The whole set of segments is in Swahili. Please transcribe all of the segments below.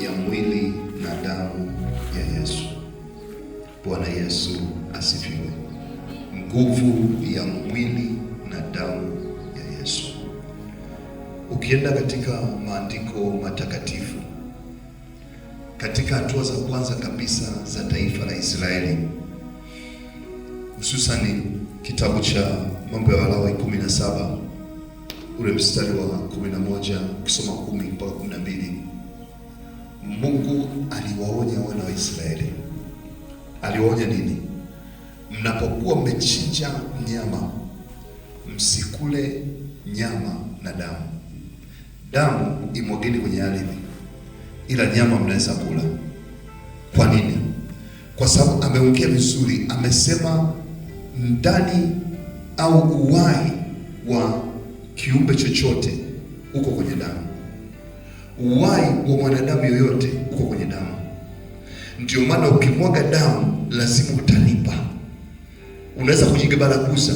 ya mwili na damu ya Yesu. Bwana Yesu asifiwe. Nguvu ya mwili na damu ya Yesu. Ukienda katika maandiko matakatifu, katika hatua za kwanza kabisa za taifa la Israeli, hususani kitabu cha Mambo ya Walawi 17 ule mstari wa 11 kusoma 10 mpaka 12 Mungu aliwaonya wana wa Israeli. Aliwaonya nini? Mnapokuwa mmechinja nyama msikule nyama na damu. Damu imwageni kwenye ardhi, ila nyama mnaweza kula. Kwa nini? Kwa sababu ameongea vizuri, amesema ndani au uwai wa kiumbe chochote uko kwenye damu uhai wa mwanadamu yoyote uko kwenye damu. Ndio maana ukimwaga damu lazima utalipa. Unaweza kujigabalaguza,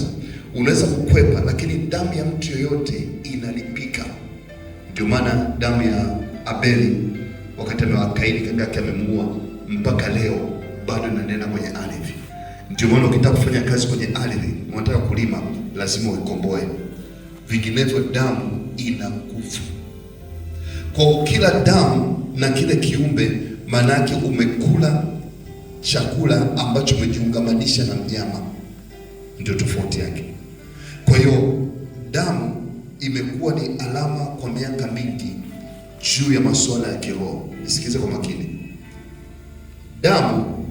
unaweza kukwepa, lakini damu ya mtu yoyote inalipika. Ndio maana damu ya Abeli wakati amewakaidi kaka yake amemuua, mpaka leo bado inanena kwenye ardhi. Ndio maana ukitaka kufanya kazi kwenye ardhi, unataka kulima, lazima uikomboe, vinginevyo damu ina nguvu. Kwa kila damu na kile kiumbe, maanake umekula chakula ambacho umejiungamanisha na mnyama, ndio tofauti yake. Kwa hiyo damu imekuwa ni alama kwa miaka mingi juu ya masuala ya kiroho. Nisikize kwa makini, damu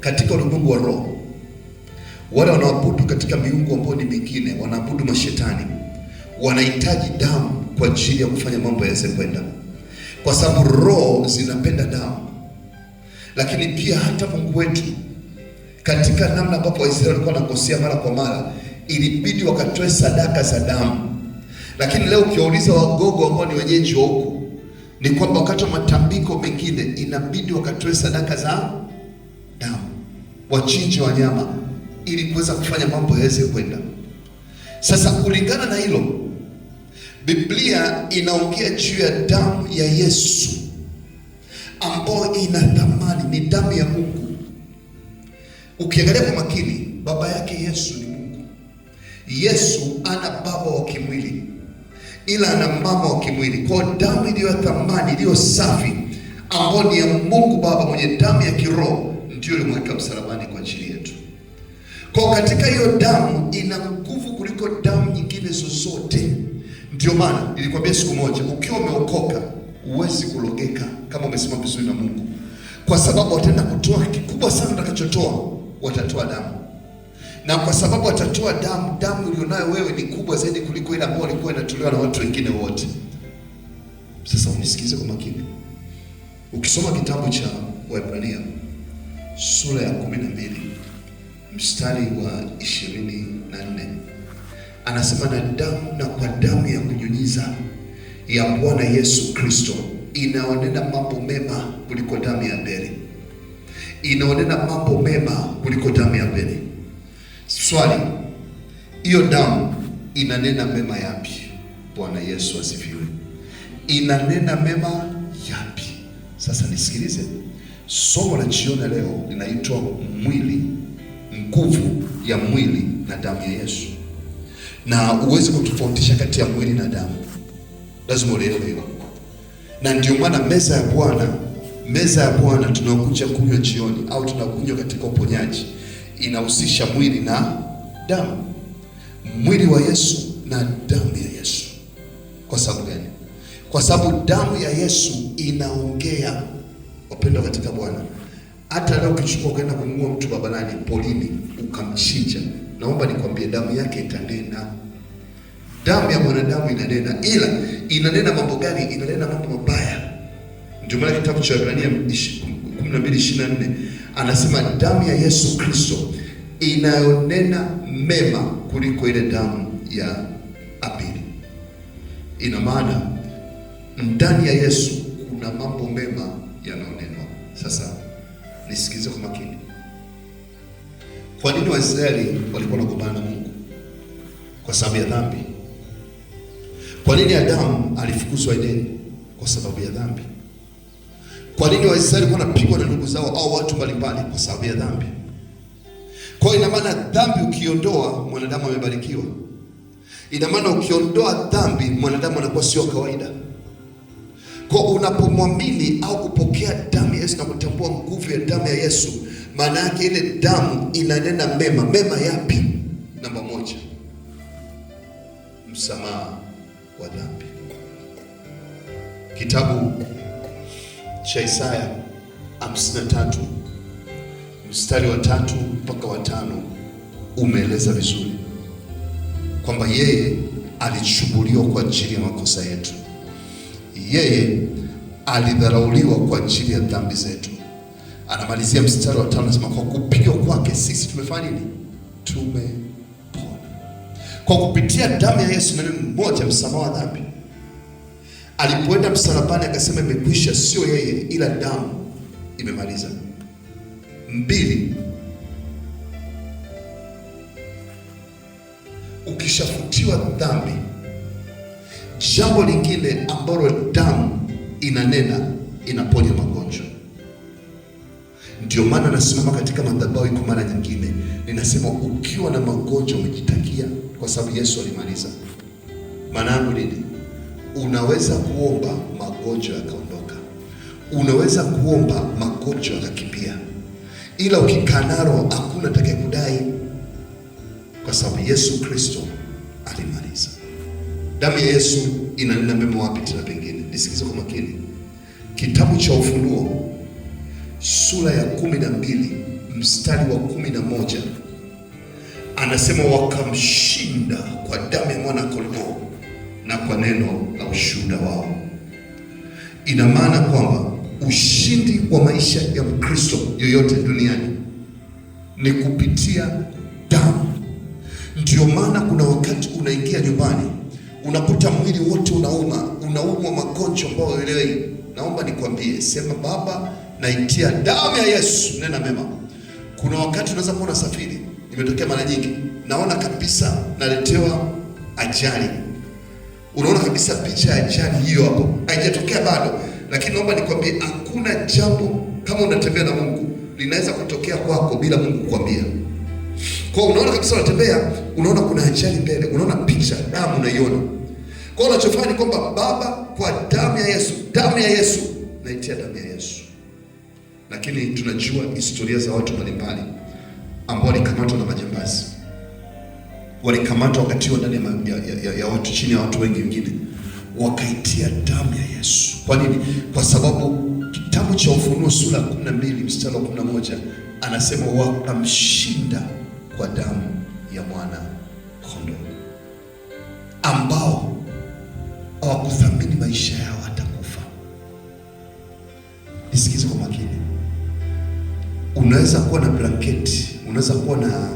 katika ulimwengu wa roho wale wanaabudu katika miungu ambayo ni mingine, wanaabudu mashetani, wanahitaji damu kwa ajili ya kufanya mambo yaweze kwenda, kwa sababu roho zinapenda damu. Lakini pia hata Mungu wetu katika namna ambapo Waisraeli walikuwa wanakosea mara kwa mara, ilibidi wakatoe sadaka za damu. Lakini leo ukiwauliza Wagogo ambao ni wenyeji wa huku, ni kwamba wakati wa matambiko mengine inabidi wakatoe sadaka za damu, wachinje wanyama ili kuweza kufanya mambo yaweze kwenda. Sasa kulingana na hilo Biblia inaongea juu ya damu ya Yesu ambayo ina thamani, ni damu ya Mungu. Ukiangalia kwa makini, baba yake Yesu ni Mungu. Yesu ana baba wa kimwili, ila ana mama wa kimwili. Kwa damu iliyo ya thamani, iliyo safi, ambayo ni ya Mungu Baba mwenye damu ya kiroho, ndiyo ilimweka msalabani kwa ajili yetu. Kwa katika hiyo damu ina nguvu kuliko damu nyingine zozote. Ndio maana nilikwambia siku moja, ukiwa umeokoka huwezi kulogeka kama umesimama vizuri na Mungu, kwa sababu wataenda kutoa kikubwa sana. utakachotoa, watatoa damu, na kwa sababu watatoa damu, damu ulionayo wewe ni kubwa zaidi kuliko ile ambayo ilikuwa inatolewa na watu wengine wote. Sasa unisikize kwa makini, ukisoma kitabu cha Waebrania sura ya 12 mstari wa 24 anasema na damu na kwa damu ya kunyunyiza ya Bwana Yesu Kristo inaonena mambo mema kuliko damu ya Abeli, inaonena mambo mema kuliko damu ya Abeli. Swali, hiyo damu inanena mema yapi? Bwana Yesu asifiwe. Inanena mema yapi? Sasa nisikilize, somo la jioni leo linaitwa mwili, nguvu ya mwili na damu ya Yesu na uwezi kutofautisha kati ya mwili na damu, lazima ulielewe hilo. Na ndio maana meza ya Bwana, meza ya Bwana tunakuja kunywa jioni au tunakunywa katika uponyaji inahusisha mwili na damu, mwili wa Yesu na damu ya Yesu. Kwa sababu gani? Kwa sababu damu ya Yesu inaongea. Wapendwa katika Bwana, hata leo ukichukua ukaenda kumuua mtu baba nani polini ukamchinja, naomba nikwambie damu yake itanena. Damu ya mwanadamu inanena, ila inanena mambo gani? Inanena mambo mabaya. Ndio maana kitabu cha Waebrania 12:24 anasema damu ya Yesu Kristo inayonena mema kuliko ile damu ya Abeli. Ina maana ndani ya Yesu kuna mambo mema yanaonenwa Sasa nisikilize kwa makini. Kwa nini Waisraeli walikuwa wanagombana na Mungu? Kwa sababu ya dhambi. Kwa nini Adamu alifukuzwa Edeni? Kwa sababu ya dhambi. Kwa nini Waisraeli wanapigwa na ndugu zao au watu mbalimbali? Kwa sababu ya dhambi. Kwa ina maana dhambi ukiondoa, mwanadamu amebarikiwa. Ina maana ukiondoa dhambi, mwanadamu anakuwa sio kawaida. Kwa unapomwamini au kupokea damu ya Yesu na kutambua nguvu ya damu ya Yesu, maana yake ile damu inanena mema. Mema yapi? Namba moja, msamaha wa dhambi. Kitabu cha Isaya 53 mstari wa tatu mpaka wa tano umeeleza vizuri kwamba yeye alichubuliwa kwa ajili ya makosa yetu, yeye alidharauliwa kwa ajili ya dhambi zetu. Anamalizia mstari wa tano, anasema kwa kupigwa kwake sisi tumefanya nini? tume kwa kupitia damu ya Yesu mimi mmoja msamaha wa dhambi. Alipoenda msalabani akasema imekwisha, sio yeye ila damu imemaliza. Mbili, ukishafutiwa dhambi, jambo lingine ambalo damu inanena inaponya magonjwa. Ndio maana nasimama katika madhabahu kwa mara nyingine ninasema, ukiwa na magonjwa umejitakia, kwa sababu Yesu alimaliza. Maana yangu nini? Unaweza kuomba magonjwa yakaondoka, unaweza kuomba magonjwa yakakimbia, ila ukikanaro hakuna atakaye kudai, kwa sababu Yesu Kristo alimaliza. Damu ya Yesu inanena mema wapi tena pengine? Nisikize kwa makini, kitabu cha Ufunuo sura ya kumi na mbili mstari wa kumi na moja anasema wakamshinda kwa damu ya mwana kondoo na kwa neno la ushuhuda wao. Ina maana kwamba ushindi wa maisha ya Mkristo yoyote duniani ni kupitia damu. Ndiyo maana kuna wakati unaingia nyumbani unakuta mwili wote unauma, unaumwa magonjwa ambayo elewi naomba nikwambie, sema Baba, naitia damu ya Yesu, nena mema. Kuna wakati unaweza kuwa unasafiri, imetokea mara nyingi, naona kabisa naletewa ajali, unaona kabisa picha ya ajali hiyo hapo, haijatokea bado, lakini naomba nikwambie, hakuna jambo kama unatembea na Mungu linaweza kutokea kwako bila Mungu kukwambia. Kwa unaona kabisa unatembea, unaona kuna ajali mbele, unaona picha damu, unaiona kwa hiyo unachofanya ni kwamba Baba, kwa damu ya Yesu, damu ya Yesu, naitia damu ya Yesu. Lakini tunajua historia za watu mbalimbali ambao walikamatwa na majambazi, walikamatwa wakatiwa ndani ya, ya, ya, ya watu chini ya watu wengi wengine, wakaitia damu ya Yesu. Kwa nini? Kwa sababu kitabu cha Ufunuo sura ya 12 mstari wa moja anasema wakamshinda kwa damu ya mwana kondoo ambao hawakuthamini maisha yao hata kufa. Nisikize kwa makini. Unaweza kuwa na blanketi, unaweza kuwa na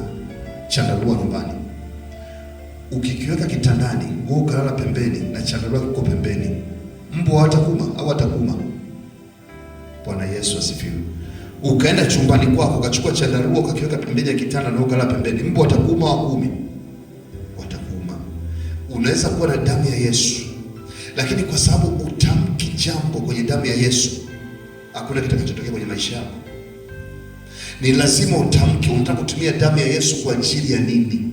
chandarua nyumbani, ukikiweka kitandani, wewe ukalala pembeni na chandarua kiko pembeni, mbwa hatakuma au atakuma. Bwana Yesu asifiwe. Ukaenda chumbani kwako ukachukua chandarua ukakiweka pembeni ya kitanda na ukalala pembeni, mbwa watakuuma? Wakumi watakuuma. Unaweza kuwa na damu ya Yesu lakini kwa sababu utamki jambo kwenye damu ya Yesu, hakuna kitakachotokea kwenye maisha yako. Ni lazima utamki unataka kutumia damu ya Yesu kwa ajili ya nini?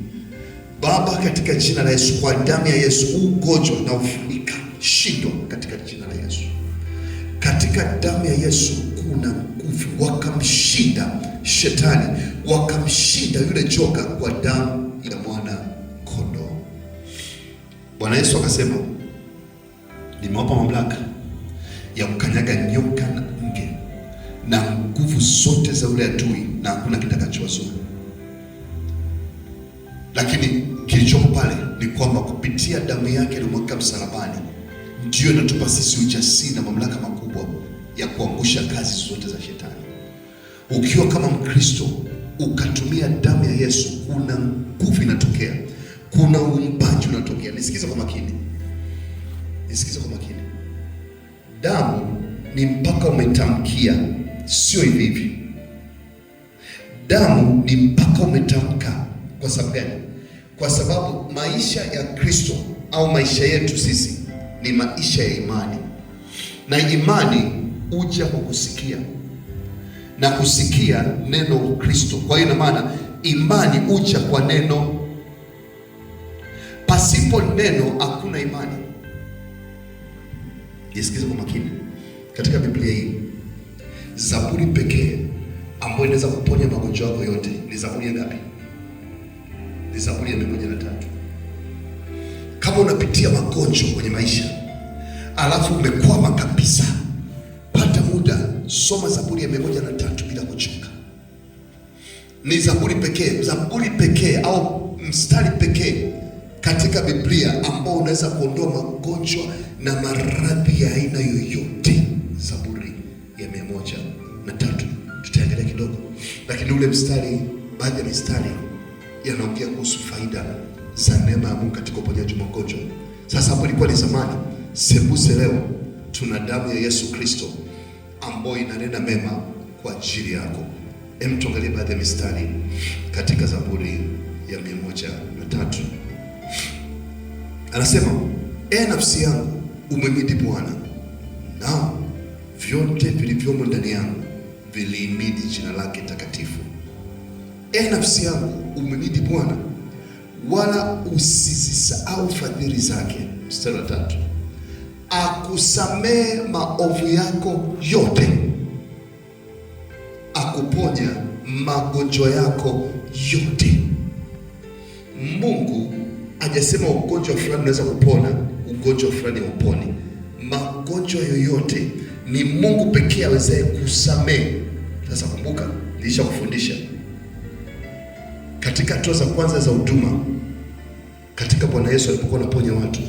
Baba, katika jina la Yesu, kwa damu ya Yesu, ugonjwa na ufunika shindwa katika jina la Yesu. Katika damu ya Yesu kuna nguvu. Wakamshinda shetani, wakamshinda yule joka kwa damu ya mwana kondoo. Bwana Yesu akasema nimewapa mamlaka ya kukanyaga nyoka na nge na nguvu zote za ule adui, na hakuna kitakachowazuru. Lakini kilichoko pale ni kwamba kupitia damu yake aliyomwagika msalabani, ndiyo inatupa sisi ujasiri na mamlaka makubwa ya kuangusha kazi zote za Shetani. Ukiwa kama Mkristo ukatumia damu ya Yesu, kuna nguvu inatokea, kuna uumbaji unatokea. nisikiza kwa makini. Nisikize kwa makini, damu ni mpaka umetamkia, sio hivi hivi. Damu ni mpaka umetamka. Kwa sababu gani? Kwa sababu maisha ya Kristo au maisha yetu sisi ni maisha ya imani, na imani uja kwa kusikia na kusikia neno Kristo. Kwa hiyo ina maana imani uja kwa neno, pasipo neno hakuna imani. Nisikize kwa makini, katika Biblia hii zaburi pekee ambayo inaweza kuponya magonjwa yako yote ni zaburi ya ngapi? Ni zaburi ya mia moja na tatu. Kama unapitia magonjwa kwenye maisha alafu umekwama kabisa, pata muda, soma zaburi ya mia moja na tatu bila kuchoka. Ni zaburi pekee, zaburi pekee au mstari pekee katika Biblia ambao unaweza kuondoa magonjwa na maradhi ya aina yoyote. Zaburi ya mia moja na tatu tutaangalia kidogo, lakini ule mstari, baadhi ya mistari yanaongea kuhusu faida za neema ya Mungu katika uponyaji magonjwa. Sasa hapo ilikuwa ni zamani, sembuse leo tuna damu ya Yesu Kristo ambayo inanena mema kwa ajili yako. Hem, tuangalie baadhi ya mistari katika Zaburi ya mia moja na tatu. Anasema, e nafsi yangu umhimidi Bwana, na vyote vilivyomo ndani yangu vilihimidi jina lake takatifu. E nafsi yangu umhimidi Bwana, wala usizisahau fadhili zake. Mstari wa tatu, akusamee maovu yako yote, akuponya magonjwa yako yote. Mungu hajasema ugonjwa fulani unaweza kupona, ugonjwa fulani uponi. Magonjwa yoyote ni Mungu pekee awezaye kusamehe. Sasa kumbuka, nilisha kufundisha katika hatua za kwanza za huduma, katika Bwana Yesu alipokuwa anaponya watu,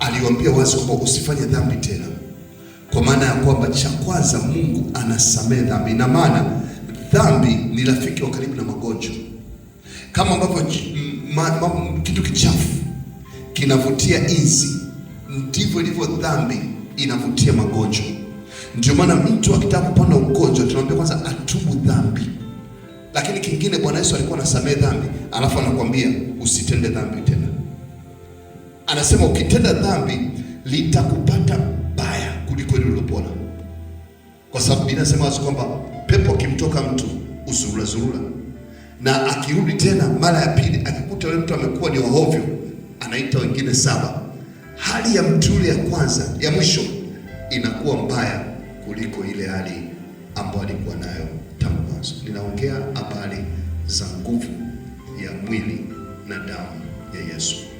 aliwaambia wazi kwamba usifanye dhambi tena, kwa maana ya kwamba cha kwanza Mungu anasamehe dhambi. Ina maana dhambi ni rafiki wa karibu na magonjwa kama ambavyo kitu kichafu kinavutia inzi, ndivyo ilivyo dhambi inavutia magonjwa. Ndio maana mtu akitaka kupona ugonjwa tunamwambia kwanza atubu dhambi, lakini kingine, Bwana Yesu alikuwa anasamehe dhambi, alafu anakuambia usitende dhambi tena. Anasema ukitenda dhambi litakupata baya kuliko ile ulilopona, kwa sababu Biblia inasema wazi kwamba pepo akimtoka mtu uzurura zurura na akirudi tena mara ya pili akikuta yule mtu amekuwa ni ovyo, anaita wengine saba. Hali ya mtu yule ya kwanza ya mwisho inakuwa mbaya kuliko ile hali ambayo alikuwa nayo tangu mwanzo. Ninaongea habari za nguvu ya mwili na damu ya Yesu.